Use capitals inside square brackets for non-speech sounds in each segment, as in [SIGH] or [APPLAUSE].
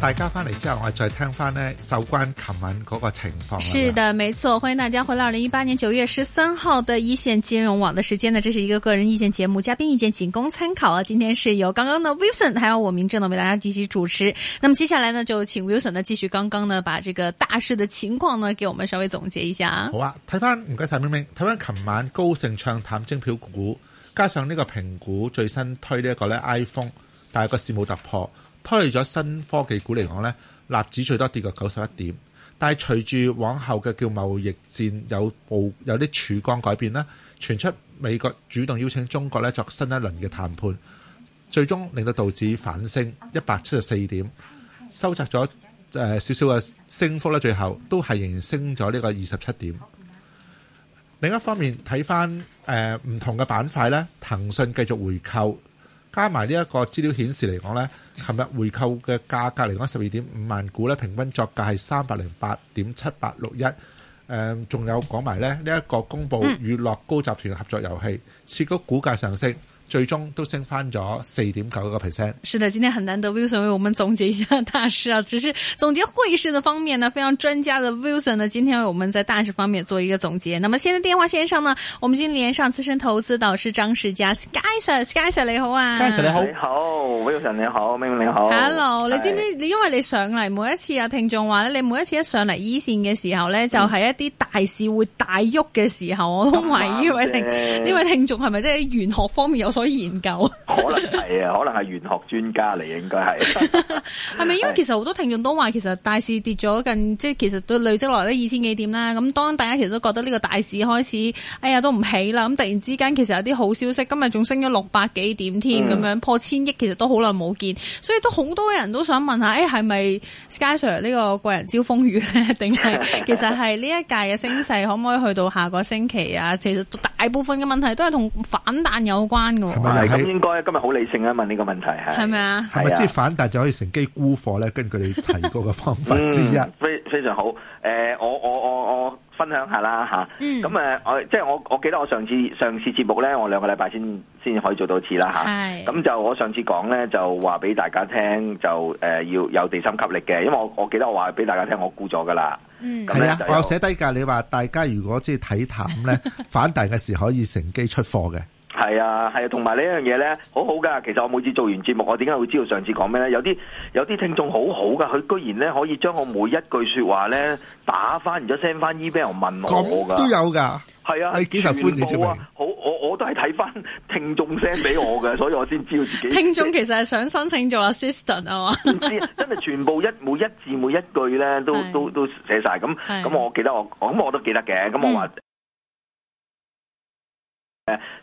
大家翻嚟之後，我哋再聽翻呢首關琴晚嗰個情況。是的，沒錯，歡迎大家回到二零一八年九月十三號的一綫金融網的時間呢。這是一個個人意見節目，嘉賓意見僅供參考啊。今天是由剛剛的 Wilson 還有我名正呢為大家繼續主持。那麼接下來呢，就請 Wilson 繼續剛剛呢，把這個大市的情況呢，給我們稍微總結一下。好啊，睇翻唔該晒，明明睇翻琴晚高盛唱淡精票股，加上呢個蘋果最新推呢一個呢 iPhone，但係個市冇突破。拖累咗新科技股嚟講，呢，納指最多跌過九十一點，但係隨住往後嘅叫貿易戰有暴有啲曙光改變啦，傳出美國主動邀請中國咧作新一輪嘅談判，最終令到道指反升一百七十四點，收窄咗誒、呃、少少嘅升幅咧，最後都係仍然升咗呢個二十七點。另一方面睇翻誒唔同嘅板塊咧，騰訊繼續回購。加埋呢一個資料顯示嚟講呢琴日回購嘅價格嚟講十二點五萬股咧，平均作價係三百零八點七八六一。仲、嗯、有講埋呢一個公佈與樂高集團合作遊戲，刺激股價上升。最終都升翻咗四點九個 percent。是的，今天很難得 Wilson 為我們總結一下大事啊，只是總結匯市的方面呢，非常專家的 Wilson 呢，今天為我們在大事方面做一個總結。那麼現在電話線上呢，我們已經連上資深投資導師張士佳 Sky Sir，Sky Sir 你好啊，Sky Sir 你好，你好，Wilson 你好，明明你好。Hello，Hi. 你知唔知？你因為你上嚟每一次啊，聽眾話呢，你每一次一上嚟一綫嘅時候呢，就係、是、一啲大事會大喐嘅時候，我都懷疑呢位聽呢位聽眾係咪即係玄學方面有所？可以研究，可能係啊， [LAUGHS] 可能係玄學專家嚟 [LAUGHS] 是，應該係。係咪因為其實好多聽眾都話，其實大市跌咗近，即係其實都累積落嚟都二千幾點啦。咁當大家其實都覺得呢個大市開始，哎呀都唔起啦。咁突然之間，其實有啲好消息，今日仲升咗六百幾點添，咁樣破千億，其實都好耐冇見，所以都好多人都想問下，誒、哎、係咪 Sky Sir 呢個貴人招風雨呢？定係其實係呢一屆嘅升勢可唔可以去到下個星期啊？其實大部分嘅問題都係同反彈有關嘅。咁應該今日好理性啊！問呢個問題係咪啊？係咪即係反彈就可以乘機沽貨咧？根據你提過嘅方法之一，非、 [LAUGHS] 嗯、非常好。誒、呃，我我我我分享下啦嚇。咁誒、嗯嗯，我即係我，我記得我上次上次節目咧，我兩個禮拜先先可以做到一次啦嚇。咁是就我上次講咧，就話俾大家聽，就、呃、誒要有地心吸力嘅，因為我我記得我話俾大家聽，我沽咗噶啦。係、嗯、啊，我有寫低㗎。你話大家如果即係睇淡咧， [LAUGHS] 反彈嘅時可以乘機出貨嘅。係啊，係啊，同埋呢樣樣嘢咧，好好噶。其實我每次做完節目，我點解會知道上次講咩咧？有啲有啲聽眾好好噶，佢居然咧可以將我每一句說話咧打翻咗 send 翻 email 問我噶。咁都有噶，係啊，係幾受歡迎啊！好，我我都係睇翻聽眾 send 俾我嘅， [LAUGHS] 所以我先知道自己。聽眾其實係想申請做 assistant 啊嘛？唔知，真係全部一每一字每一句咧都是 都都寫晒咁咁，是 我記得我咁我都記得嘅，咁我話。嗯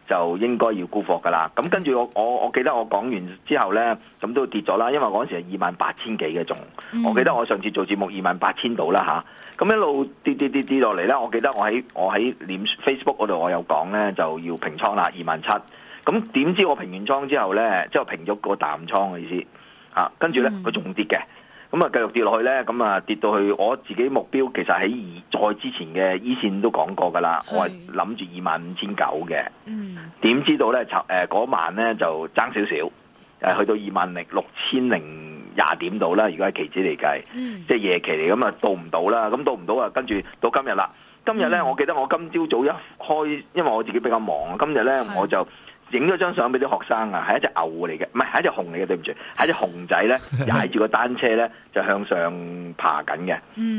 就應該要沽貨噶啦，咁跟住我我我記得我講完之後呢，咁都跌咗啦，因為嗰時係二萬八千幾嘅仲我記得我上次做節目二萬八千度啦吓，咁，啊，一路跌跌跌跌落嚟呢，我記得我喺我喺 Facebook 嗰度我有講呢，就要平倉啦，二萬七，咁點知我平完倉之後呢，即係平咗個淡倉嘅意思，啊，跟住呢，佢仲跌嘅。咁啊、嗯，繼續跌落去咧，咁、嗯、啊跌到去我自己目標，其實喺二再之前嘅依、e、線都講過噶啦，是我係諗住二萬五千九嘅。點、嗯、知道咧？嗰、呃、晚咧就爭少少，嗯、去到二萬零六千零廿點度啦，如果係期指嚟計，嗯、即係夜期嚟，咁啊到唔到啦？咁到唔到啊？跟住到今日啦，今日咧，嗯、我記得我今朝早一開，因為我自己比較忙，今日咧是我就。影咗張相俾啲學生啊，係一隻牛嚟嘅，唔係，係一隻熊嚟嘅，對唔住，係一隻熊仔咧，踩住個單車咧就向上爬緊嘅。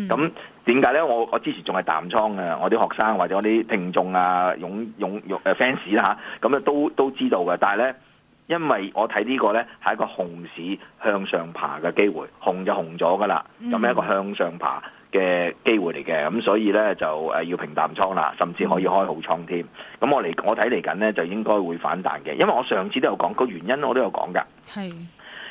咁點解咧？我我之前仲係淡倉嘅，我啲學生或者我啲聽眾啊，擁擁擁誒 fans 啦嚇，咁、呃啊啊、都都知道嘅。但係咧，因為我睇呢個咧係一個熊市向上爬嘅機會，熊就熊咗噶啦，咁樣一個向上爬。 [LAUGHS] 嘅機會嚟嘅，咁所以呢，就誒要平淡倉啦，甚至可以開好倉添。咁我嚟我睇嚟緊呢，就應該會反彈嘅，因為我上次都有講個原因，我都有講㗎。係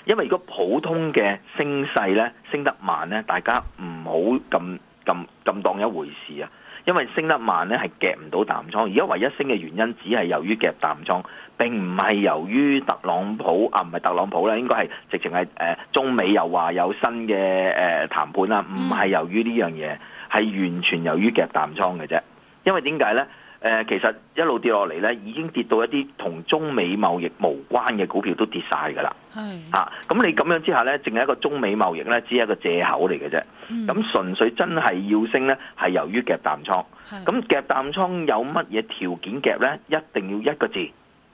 因為如果普通嘅升勢呢，升得慢呢，大家唔好咁咁咁當一回事啊。因為升得慢咧，係夾唔到淡倉，而家唯一升嘅原因只係由於夾淡倉，並唔係由於特朗普啊，唔係特朗普啦，應該係直情係誒中美又話有新嘅誒談判啦，唔係由於呢樣嘢，係完全由於夾淡倉嘅啫。因為點解咧？誒、呃，其實一路跌落嚟咧，已經跌到一啲同中美貿易無關嘅股票都跌晒㗎啦。咁、啊、你咁樣之下呢，淨係一個中美貿易呢，只係一個借口嚟嘅啫。咁純、嗯、粹真係要升呢，係由於夾淡倉。咁夾是淡倉有乜嘢條件夾呢？一定要一個字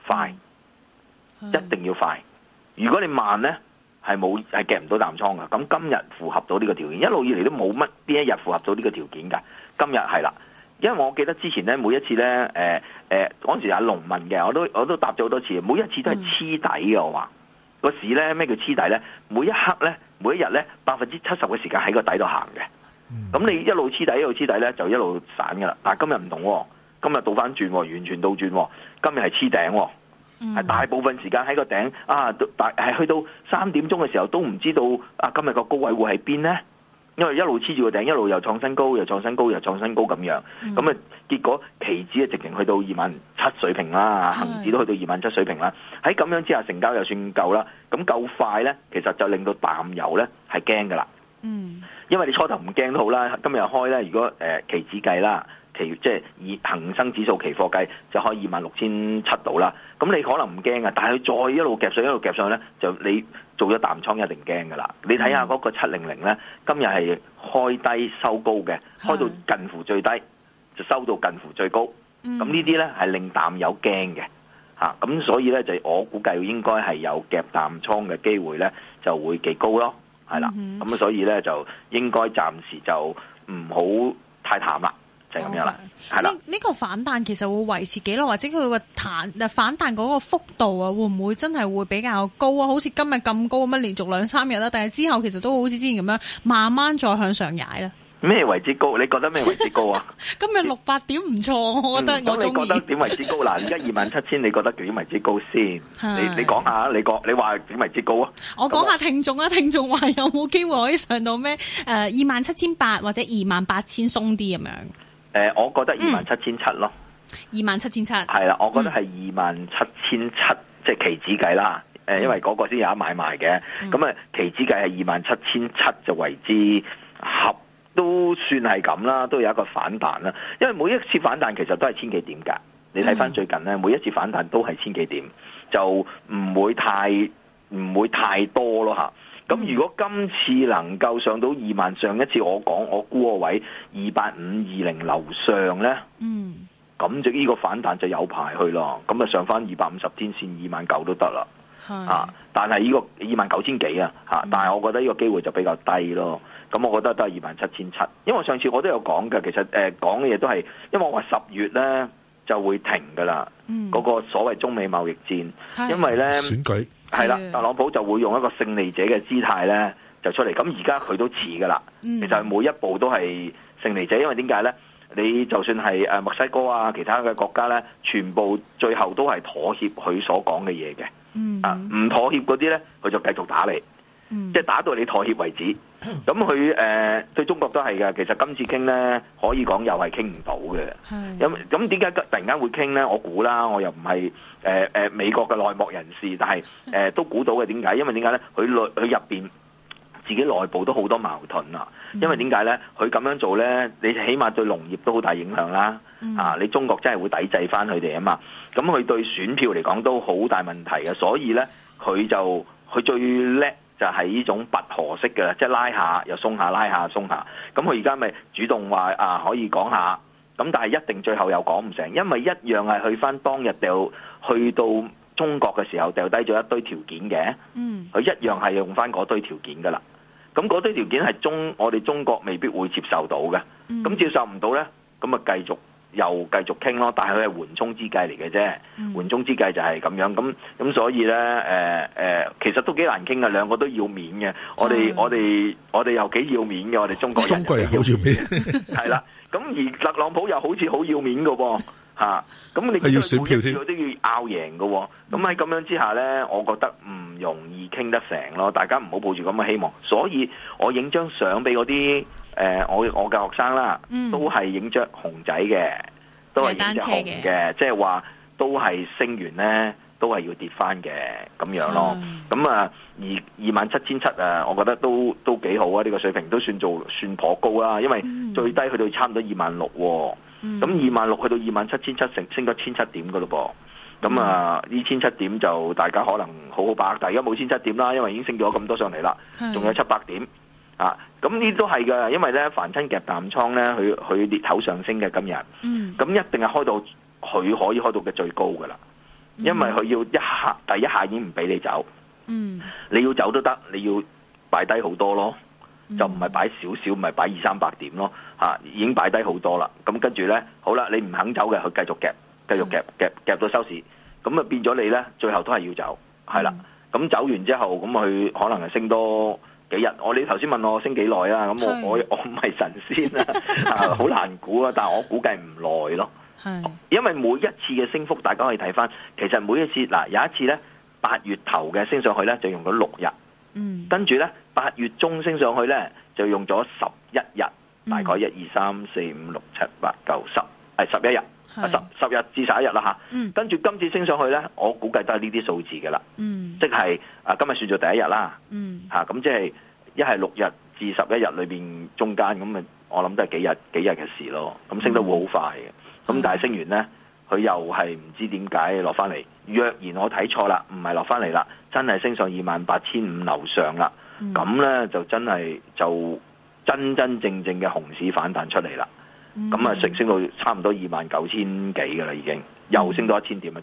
快，是一定要快。如果你慢呢，係冇係夾唔到淡倉噶。咁今日符合到呢個條件，一路以嚟都冇乜邊一日符合到呢個條件噶。今日係啦，因為我記得之前呢，每一次呢，誒、欸、誒，嗰、欸、時有龍問嘅，我都我都答咗好多次，每一次都係黐底嘅話。我個市咧，咩叫黐底咧？每一刻咧，每一日咧，百分之七十嘅時間喺個底度行嘅。咁你一路黐底，一路黐底咧，就一路散噶啦。但係今日唔同，哦，今日倒翻轉，哦，完全倒轉，哦。今日係黐頂，係、嗯、大部分時間喺個頂啊！但係去到三點鐘嘅時候，都唔知道啊！今日個高位會喺邊咧？因為一路黐住個頂，一路又創新高，又創新高，又創新高咁樣，咁啊，結果期指啊直情去到二萬七水平啦，恒指都去到二萬七水平啦。喺咁是的 樣之下，成交又算夠啦，咁夠快呢，其實就令到淡友呢係驚噶啦。嗯，因為你初頭唔驚都好啦，今日開呢，如果誒、呃、期指計啦。期即係以恆生指數期貨計，就開二萬六千七度啦。咁你可能唔驚啊，但係佢再一路夾上，一路夾上去咧，就你做咗淡倉一定驚噶啦。你睇下嗰個七零零咧，今日係開低收高嘅，開到近乎最低就收到近乎最高。咁呢啲咧係令淡有驚嘅嚇。咁所以咧，就我估計應該係有夾淡倉嘅機會咧，就會幾高咯。係啦，咁所以咧就應該暫時就唔好太淡啦。咁樣啦，係啦 Okay. 了。呢個反彈其實會維持幾耐，或者佢個彈、反彈嗰個幅度啊，會唔會真係會比較高啊？好似今日咁高咁啊，連續兩三日啦。但係之後其實都好似之前咁樣，慢慢再向上踩啦。咩為之高？你覺得咩為之高啊？ [LAUGHS] 今日六百點唔錯，嗯、我覺得我中意。咁你覺得點為之高嗱？而家二萬七千，你覺得點為之高先？ [LAUGHS] 你你你講下你講你話點為之高啊？ [LAUGHS] 我講下聽眾啊。 [LAUGHS] 聽眾話有冇機會可以上到咩？誒二萬七千八或者二萬八千鬆啲咁樣。誒、呃，我覺得二萬七千七咯，二萬七千七係啦，我覺得係二萬七千七，即係期指計啦。誒、呃，因為嗰個先有一買賣嘅，咁啊期指計係二萬七千七就為之合，都算係咁啦，都有一個反彈啦。因為每一次反彈其實都係千幾點噶，你睇翻最近咧，每一次反彈都係千幾點，就唔會太唔會太多咯吓。咁如果今次能夠上到二萬，上一次我講我估個位二八五二零樓上呢，嗯，咁就呢個反彈就有排去咯。咁啊，上翻二百五十天線二萬九都得啦，但係呢個二萬九千幾啊，但係、啊、我覺得呢個機會就比較低咯。咁我覺得都係二萬七千七，因為上次我都有講嘅，其實誒講嘅嘢都係，因為我話十月呢。就會停噶啦，嗰、嗯、個所謂中美貿易戰，的因為呢，選舉係啦，的的特朗普就會用一個勝利者嘅姿態呢就出嚟。咁而家佢都似噶啦，嗯、其實每一步都係勝利者，因為點解呢？你就算係墨西哥啊，其他嘅國家呢，全部最後都係妥協佢所講嘅嘢嘅，嗯、啊，唔妥協嗰啲呢，佢就繼續打你。即係打到你妥協為止，咁佢誒對中國都係嘅。其實今次傾咧，可以講又係傾唔到嘅。咁咁點解突然間會傾咧？我估啦，我又唔係誒誒美國嘅內幕人士，但係誒、呃、都估到嘅。點解？因為點解咧？佢內佢入邊自己內部都好多矛盾啊。嗯、因為點解咧？佢咁樣做咧，你起碼對農業都好大影響啦。嗯、啊，你中國真係會抵制翻佢哋啊嘛。咁佢對選票嚟講都好大問題嘅，所以咧佢就佢最叻。就係呢種拔河式嘅啦，即係拉下又鬆下，拉下鬆下。咁佢而家咪主動話啊，可以講下。咁但係一定最後又講唔成，因為一樣係去返當日掉去到中國嘅時候，掉低咗一堆條件嘅。嗯，佢一樣係用返嗰堆條件嘅啦。咁嗰堆條件係中我哋中國未必會接受到嘅。咁接受唔到呢，咁啊繼續，又繼續傾咯，但係佢係緩衝之計嚟嘅啫，嗯、緩衝之計就係咁樣咁咁，所以咧、呃呃、其實都幾難傾嘅，兩個都要面嘅、嗯，我哋我哋我哋又幾要面嘅，我哋中國人好要面，係啦，咁 [LAUGHS] 而特朗普又好似好要面㗎喎，咁、 [LAUGHS] 啊、你佢要，要選票都要拗贏㗎喎，咁喺咁樣之下咧，我覺得唔容易傾得成咯，大家唔好抱住咁嘅希望，所以我影張相俾嗰啲。誒、呃，我我嘅學生啦，嗯、都係影着熊仔嘅，都係影着熊嘅，即係話都係升完呢，都係要跌翻嘅咁樣咯。咁啊、嗯，二二萬七千七啊，27, 700，我覺得都都幾好啊，呢、呢個水平都算做算頗高啦，因為最低去到差唔多二萬六。咁二萬六去到二萬七千七，成升咗千七點嘅咯噃。咁啊，呢千七點就大家可能好好把握。但係而家冇千七點啦，因為已經升咗咁多上嚟啦，仲、嗯、有七百點。啊，咁呢都係㗎，因為咧凡親夾淡倉咧，佢佢裂口上升嘅今日，咁、嗯、一定係開到佢可以開到嘅最高㗎啦，因為佢要一下第一下已經唔俾你走，嗯、你要走都得，你要擺低好多咯，嗯、就唔係擺少少，唔係擺二三百點咯，吓、啊、已經擺低好多啦，咁跟住咧，好啦，你唔肯走嘅，佢繼續夾，繼續夾夾夾到收市，咁啊變咗你咧，最後都係要走，係啦，咁、嗯、走完之後，咁佢可能係升多。幾日？我你頭先問我升幾耐啊？咁我我我唔係神仙啊，好難估啊！但係我估計唔耐咯，是因為每一次嘅升幅，大家可以睇翻，其實每一次嗱、啊，有一次呢，八月頭嘅升上去呢，就用咗六日，跟住、嗯、呢，八月中升上去呢，就用咗十一日，大概一二三四五六七八九十，係十一日。十十是、啊、日至十一日啦吓，跟、啊、住、嗯、今次升上去咧，我估計都係呢啲數字嘅啦，嗯、即係啊今日算做第一日啦，吓咁、嗯啊、即係一係六日至十一日裏邊中間咁啊，我諗都係幾日幾日嘅事咯，咁升得會好快嘅，咁、嗯、但係升完咧，佢的又係唔知點解落翻嚟，若然我睇錯啦，唔係落翻嚟啦，真係升上二萬八千五樓上啦，咁咧、嗯、就真係就真真正正嘅熊市反彈出嚟啦。咁啊，升、嗯、升到差唔多二萬九千幾㗎啦，已經又升到 1,、嗯、那那一千點啊，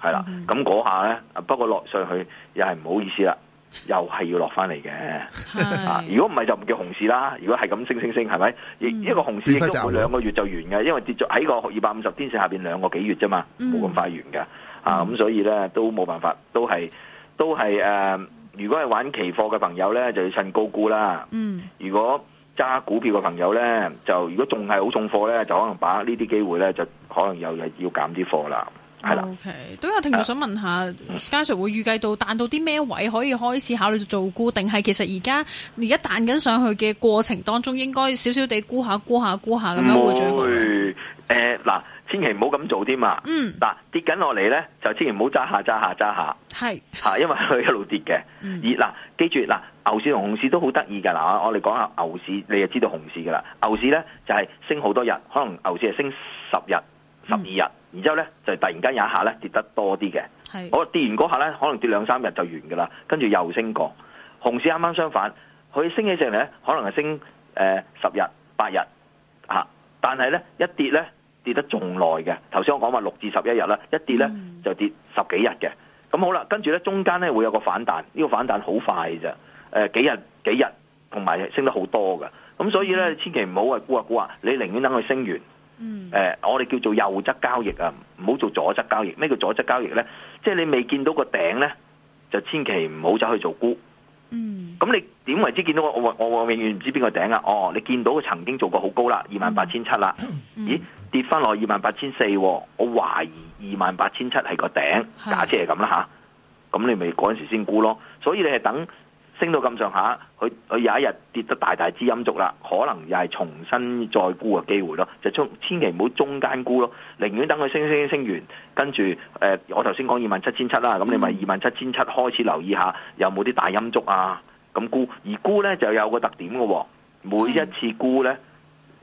再係啦。咁嗰下咧，不過落上去又係唔好意思啦，又係要落翻嚟嘅。如果唔係就唔叫熊市啦。如果係咁升升升，係咪？亦、嗯、一個熊市亦都會兩個月就完嘅，因為跌咗喺個二百五十天線下邊兩個幾月啫嘛，冇咁快完㗎。啊，咁、嗯嗯啊、所以咧都冇辦法，都係都係誒、呃。如果係玩期貨嘅朋友咧，就要趁高沽啦。嗯，如果。加股票嘅朋友咧，就如果仲係好重貨咧，就可能把握呢啲機會咧，就可能又嚟要減啲貨啦，係啦。O K，都有聽友想問下，Sky Sir 會預計到彈到啲咩位可以開始考慮做沽？定係其實而家而家彈緊上去嘅過程當中，應該少少地沽下沽下沽下咁樣會最好。我會誒嗱。千祈唔好咁做添、啊、嗯、嗱跌緊落嚟咧，就千祈唔好揸下揸下揸下，係吓，下是因為佢一路跌嘅。嗯、而嗱，記住嗱，牛市同熊市都好得意㗎。嗱，我哋講下牛市，你就知道熊市㗎啦。牛市咧就係、是、升好多日，可能牛市係升十日、十二日，嗯、然之後咧就突然間有一下咧跌得多啲嘅。我是跌完嗰下咧，可能跌兩三日就完噶啦，跟住又升過。熊市啱啱相反，佢升起上嚟咧，可能係升誒、呃、十日、八日，吓、啊，但係咧一跌咧。跌得仲耐嘅，頭先我講話六至十一日啦，一跌咧就跌十幾日嘅。咁、嗯、好啦，跟住咧中間咧會有個反彈，呢、呢個反彈好快啫。誒、呃、幾日幾日同埋升得好多嘅。咁所以咧，嗯、千祈唔好話沽下沽下，你寧願等佢升完。誒、嗯呃，我哋叫做右側交易啊，唔好做左側交易。咩叫左側交易咧？即係你未見到個頂咧，就千祈唔好走去做沽。嗯，咁你點為之見到我，我永遠唔知邊個頂啊？哦，你見到佢曾經做過好高啦，二萬八千七啦，嗯嗯、咦？跌翻落二萬八千四，我懷疑二萬八千七係個頂，是假設係咁啦吓，咁你咪嗰陣時先估咯。所以你係等。.升到咁上下，佢佢有一日跌得大大支陰燭啦，可能又係重新再沽嘅機會咯，就千祈唔好中間沽咯，寧願等佢升升升完，跟住誒、呃，我頭先講二萬七千七啦，咁你咪二萬七千七開始留意下有冇啲大陰燭啊？咁沽而沽呢就有個特點嘅喎，每一次沽呢，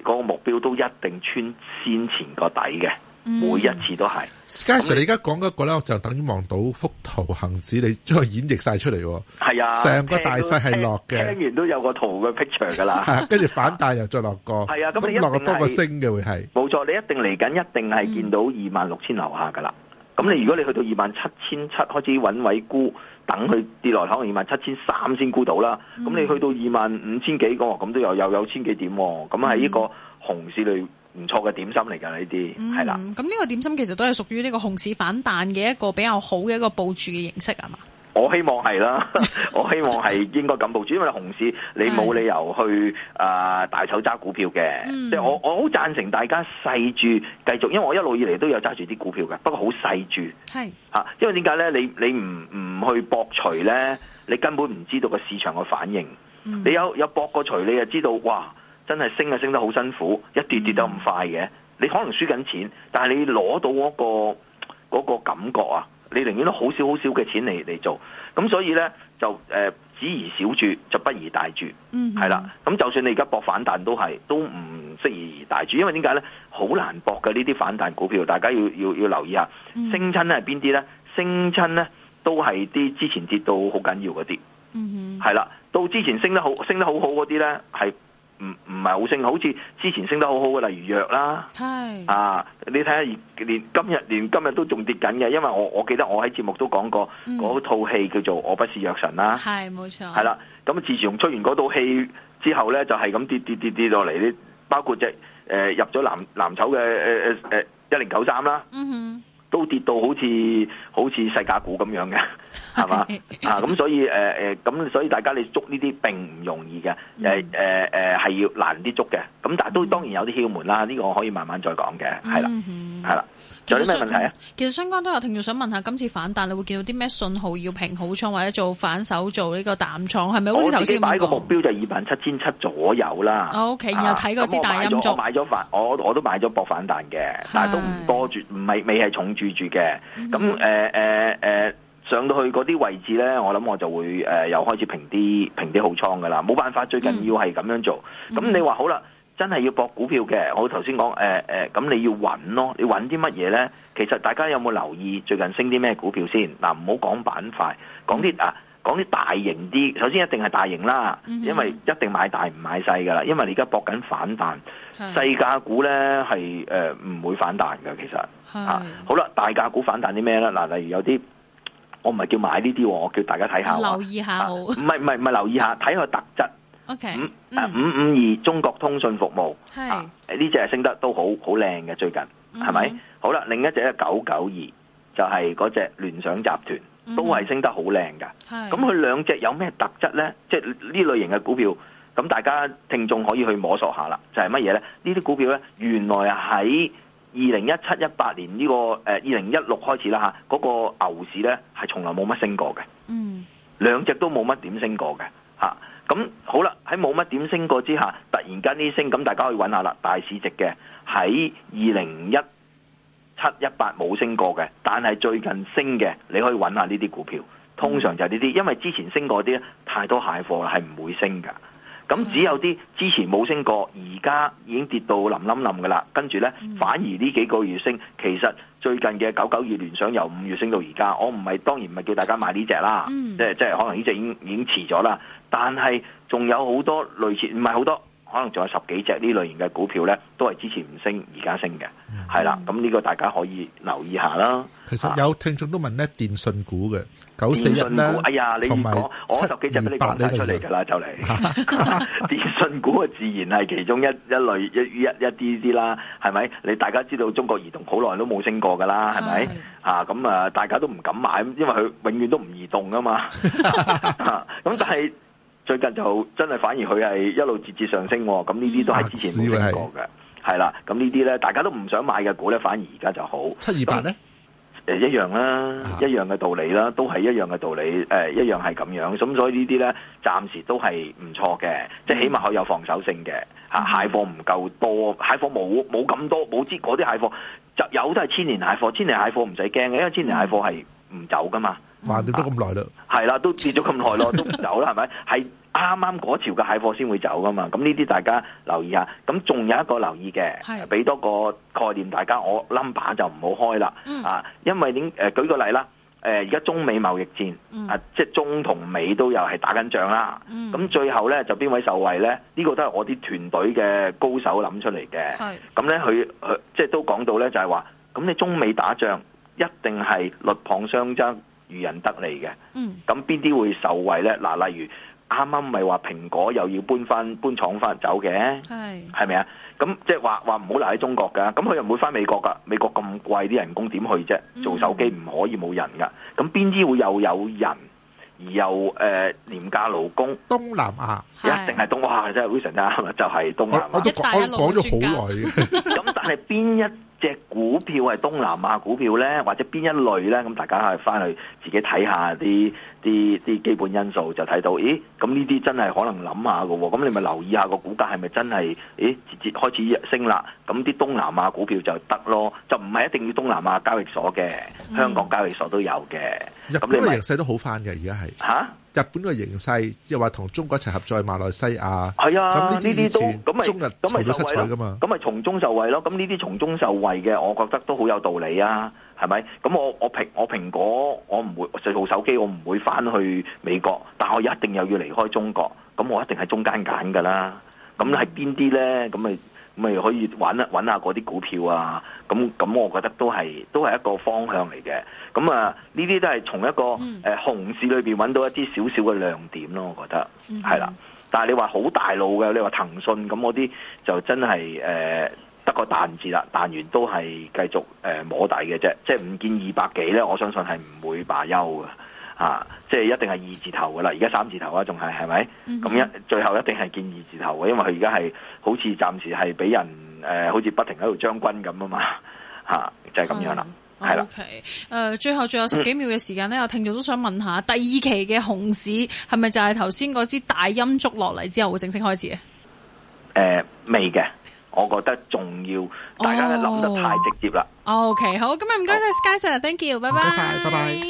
嗰、那個目標都一定穿先前個底嘅。嗯、每一次都係 Sky Sir 你而家講嗰個咧，我就等於望到幅圖行子，你將佢演繹晒出嚟。係啊，成個大勢係落嘅。聽完都有個圖嘅 picture 㗎啦，跟住、 [LAUGHS] 啊、反彈又再落個。係啊，咁你落個多個升嘅會係。冇錯，你一定嚟緊，來一定係見到二萬六千樓下㗎啦。咁、嗯、你如果你去到二萬七千七開始揾位沽，等佢跌落可能二萬七千三先沽到啦。咁、嗯、你去到二萬五千幾個，咁都有又有千幾點，哦。咁喺呢個熊市裏。唔錯嘅點心嚟噶呢啲，係啦，咁呢、嗯的嗯、個點心其實都係屬於呢個熊市反彈嘅一個比較好嘅一個部署嘅形式啊嘛。是我希望係啦， [LAUGHS] 我希望係應該咁部署，因為熊市你冇理由去啊、呃、大手揸股票嘅，即係、嗯、我我好贊成大家細住繼續，因為我一路以嚟都有揸住啲股票嘅，不過好細住係吓是、啊，因為點解咧？你你唔唔去博除咧，你根本唔知道個市場嘅反應。嗯、你有有博個除，你就知道哇。真係升啊，升得好辛苦，一跌跌得咁快嘅，mm hmm. 你可能輸緊錢，但係你攞到嗰個嗰個感覺啊，你寧願都好少好少嘅錢嚟嚟做，咁所以呢，就誒，只宜小注，就不宜大注，係啦、mm，咁、hmm. 就算你而家博反彈都係，都唔適宜大注，因為點解呢？好難博嘅呢啲反彈股票，大家要要要留意下、mm hmm. 升親係邊啲呢？升親呢都係啲之前跌到好緊要嗰啲，係啦、mm hmm. 到之前升得好升得好好嗰啲呢。係。唔唔係好升，好似之前升得好好嘅，例如藥啦，係是啊，你睇下連今日連今日都仲跌緊嘅。因為我我記得我喺節目都講過嗰套戲叫做《我不是藥神》啦，係冇錯，係啦，咁自從出完嗰套戲之後咧，就係咁跌跌跌跌落嚟，啲包括隻誒、呃、入咗藍藍籌嘅誒誒誒一零九三啦。嗯哼都跌到好似好似世界股咁樣嘅，係嘛？啊，咁所以誒誒咁所以大家你捉呢啲並唔容易嘅，誒誒誒係要難啲捉嘅，咁但係都、嗯、哼當然有啲竅門啦，呢、呢個我可以慢慢再講嘅，係啦，係、嗯、哼啦。有咩問題啊？其實相關都有聽眾想問下，今次反彈你會見到啲咩信號要平好倉或者做反手做呢個淡倉？係咪好似頭先講？嗰個目標就二萬七千七左右啦。好，OK、啊。然後睇嗰支大陰柱，我買咗反，我我都買咗博反彈嘅，但係都唔多注，唔係是未係重注住嘅。咁誒誒誒，上到去嗰啲位置咧，我諗我就會誒、呃、又開始平啲平啲好倉噶啦。冇辦法，最緊要係咁樣做。咁、嗯、哼你話好啦。真係要搏股票嘅，我頭先講誒誒，咁、呃呃、你要揾咯，你揾啲乜嘢呢？其實大家有冇留意最近升啲咩股票先？嗱，唔好講板塊，講啲啊，講啲、啊、大型啲。首先一定係大型啦，因為一定買大唔買細噶啦，因為你而家搏緊反彈，細價股呢係誒唔會反彈㗎。其實啊，好啦，大價股反彈啲咩呢？嗱、啊，例如有啲，我唔係叫買呢啲，我叫大家睇下、啊下、啊、下，留意下，唔係唔係唔係留意下，睇佢特質。Okay, 嗯、五五五二中國通訊服務，係呢隻係升得都很很的、嗯、哼好好靚嘅最近，係咪？好啦，另一隻九九二就係嗰隻聯想集團，嗯、哼都係升得好靚嘅。咁佢兩隻有咩特質咧？即係呢類型嘅股票，咁大家聽眾可以去摸索下啦。就係乜嘢咧？呢啲股票咧，原來喺二零一七一八年呢、呢個誒二零一六開始啦吓，嗰、啊嗰個牛市咧係從來冇乜升過嘅。嗯，兩隻都冇乜點升過嘅。吓咁、啊、好啦，喺冇乜點升過之下，突然間呢啲升，咁大家可以揾下啦，大市值嘅喺二零一七一八冇升過嘅，但係最近升嘅，你可以揾下呢啲股票，通常就係呢啲，因為之前升過啲太多蟹貨啦，係唔會升噶。咁只有啲之前冇升過，而家已經跌到冧冧冧噶啦，跟住呢，反而呢幾個月升，其實最近嘅九九二聯想由五月升到而家，我唔係，當然唔係叫大家買呢隻啦，即係即係可能呢隻已經已經遲咗啦，但係仲有好多類似，唔係好多。可能仲有十幾隻呢類型嘅股票咧，都係之前唔升而家升嘅，係啦。咁呢個大家可以留意下啦。其實有聽眾都問咧，電信股嘅九四一咧，哎呀，你唔講我十幾隻畀你講出嚟嘅啦，就嚟電信股啊，自然係其中一一類一一啲啲啦，係咪？你大家知道中國移動好耐都冇升過嘅啦，係咪？啊咁啊，大家都唔敢買，因為佢永遠都唔移動啊嘛。咁但係。最近就真係反而佢係一路節節上升，咁呢啲都係之前冇升過嘅，係啦是。咁呢啲咧，大家都唔想買嘅股咧，反而而家就好。七二八咧，誒一樣啦，啊、一樣嘅道理啦，都係一樣嘅道理，誒一樣係咁樣。咁所以這些呢啲咧，暫時都係唔錯嘅，即係、嗯、起碼佢有防守性嘅嚇。蟹貨唔夠多，蟹貨冇冇咁多，冇知嗰啲蟹貨就有都係千年蟹貨，千年蟹貨唔使驚嘅，因為千年蟹貨係。唔走噶嘛，橫掂都咁耐啦。係啦、啊啊，都跌咗咁耐咯，都唔走啦，係咪？ [LAUGHS] 係啱啱嗰潮嘅蟹貨先會走噶嘛？咁呢啲大家留意下，咁仲有一個留意嘅，係俾是多個概念大家，我 number 就唔好開啦，嗯、啊，因為點誒、呃？舉個例啦，誒、呃，而家中美貿易戰、嗯、啊，即係中同美都有係打緊仗啦，咁、嗯啊、最後咧就邊位受惠咧？呢、這個都係我啲團隊嘅高手諗出嚟嘅，係咁咧，佢佢、啊、即係都講到咧，就係話，咁你中美打仗。一定係鷸蚌相爭，漁人得利嘅。咁邊啲會受惠咧？嗱、啊，例如啱啱咪話蘋果又要搬翻搬廠翻走嘅，係咪啊？咁即係話話唔好留喺中國㗎。咁佢又唔會翻美國㗎。美國咁貴啲人工點去啫？做手機唔可以冇人㗎。咁邊啲會又有人，又誒、呃、廉價勞工？東南亞一定係東亞，真係好成家，就係東南亞。我都講咗好耐嘅。咁 [LAUGHS] 但係邊一隻股票係東南亞股票咧，或者邊一類咧？咁大家係翻去自己睇下啲啲啲基本因素，就睇到咦？咁呢啲真係可能諗下㗎喎。咁你咪留意下個股價係咪真係咦？直接開始升啦。咁啲東南亞股票就得咯，就唔係一定要東南亞交易所嘅，香港交易所都有嘅。日本嘅形勢都好翻嘅，而家係吓。日本嘅形勢又話同中國一齊合作喺馬來西亞。係啊，咁呢啲都咁咪咁咪就為咗七彩嘅嘛。咁咪從中受惠咯。咁呢啲從中受惠。係嘅，我覺得都好有道理啊，係咪？咁我我蘋我蘋果，我唔會成部手機，我唔會翻去美國，但我一定又要離開中國，咁我一定喺中間揀噶啦。咁係邊啲咧？咁咪咪可以揾一揾下嗰啲股票啊。咁咁，我覺得都係都係一個方向嚟嘅。咁啊，呢啲都係從一個誒、嗯呃、熊市裏邊揾到一啲少少嘅亮點咯。我覺得係啦。嗯嗯但係你話好大路嘅，你話騰訊咁嗰啲就真係誒。呃得個彈字啦，彈完都係繼續誒、呃、摸底嘅啫，即係唔見二百幾咧，我相信係唔會罷休嘅啊！即係一定係二字頭嘅啦，而家三字頭啊，仲係係咪？咁、嗯、哼一最後一定係見二字頭嘅，因為佢而家係好似暫時係俾人誒、呃，好似不停喺度將軍咁啊嘛嚇，就係、是、咁樣啦。係啦，誒，最後仲有十幾秒嘅時間咧，我聽眾都想問下，嗯、第二期嘅熊市係咪就係頭先嗰支大陰燭落嚟之後會正式開始嘅？誒、呃，未嘅。我覺得重要，大家咧諗得太直接啦。OK，好，今日唔該曬 Sky Sir，Thank you，拜拜，拜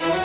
拜。